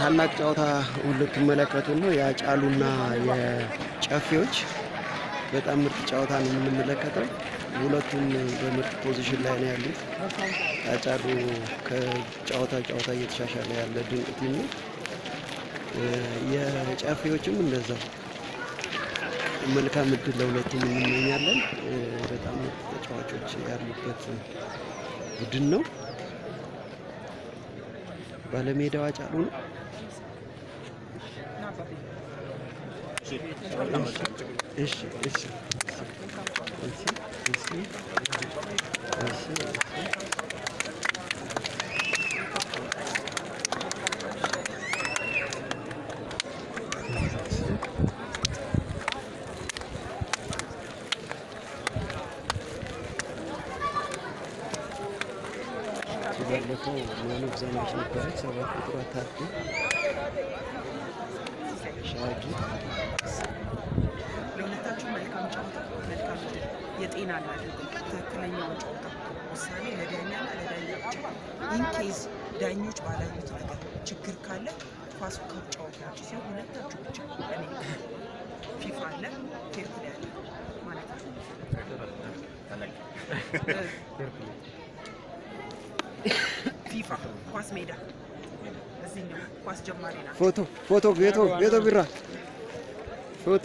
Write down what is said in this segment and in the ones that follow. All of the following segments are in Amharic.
ታላቅ ጨዋታ ልትመለከቱ ነው። የአጫሉና የጨፌዎች በጣም ምርጥ ጨዋታ ነው የምንመለከተው። ሁለቱም በምርጥ ፖዚሽን ላይ ነው ያሉት። አጫሉ ከጨዋታ ጨዋታ እየተሻሻለ ያለ ድንቅ ነው። የጨፌዎችም እንደዛ መልካም እድል ለሁለቱም እንመኛለን። በጣም ተጫዋቾች ያሉበት ቡድን ነው። ባለሜዳው አጫሉ ነው። ici, ici, ici, ici, ici. Je vais የጤና ላድርግ ትክክለኛውን ጨዋታ ውሳኔ ለዳኛና ለዳኛ ብቻ ኢንኬዝ ዳኞች ባላዩት ነገር ችግር ካለ ኳሱ ከጫወታች ሲሆን ሁለታችሁ ብቻ እኔ ፊፋ አለ ፌርፕሌ አለ ማለት ነው። ፊፋ ኳስ ሜዳ እዚህኛው ኳስ ጀማሪ ናት። ፎቶ ፎቶ ቤቶ ቤቶ ቢራ ፎቶ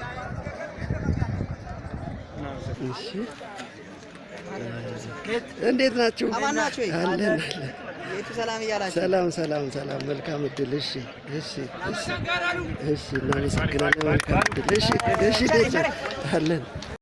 እሺ እንዴት ናችሁ? ሰላም ሰላም ሰላም። መልካም እድል። እሺ እሺ እሺ እሺ። እናመሰግናለን። መልካም እድል። እሺ እሺ። አለን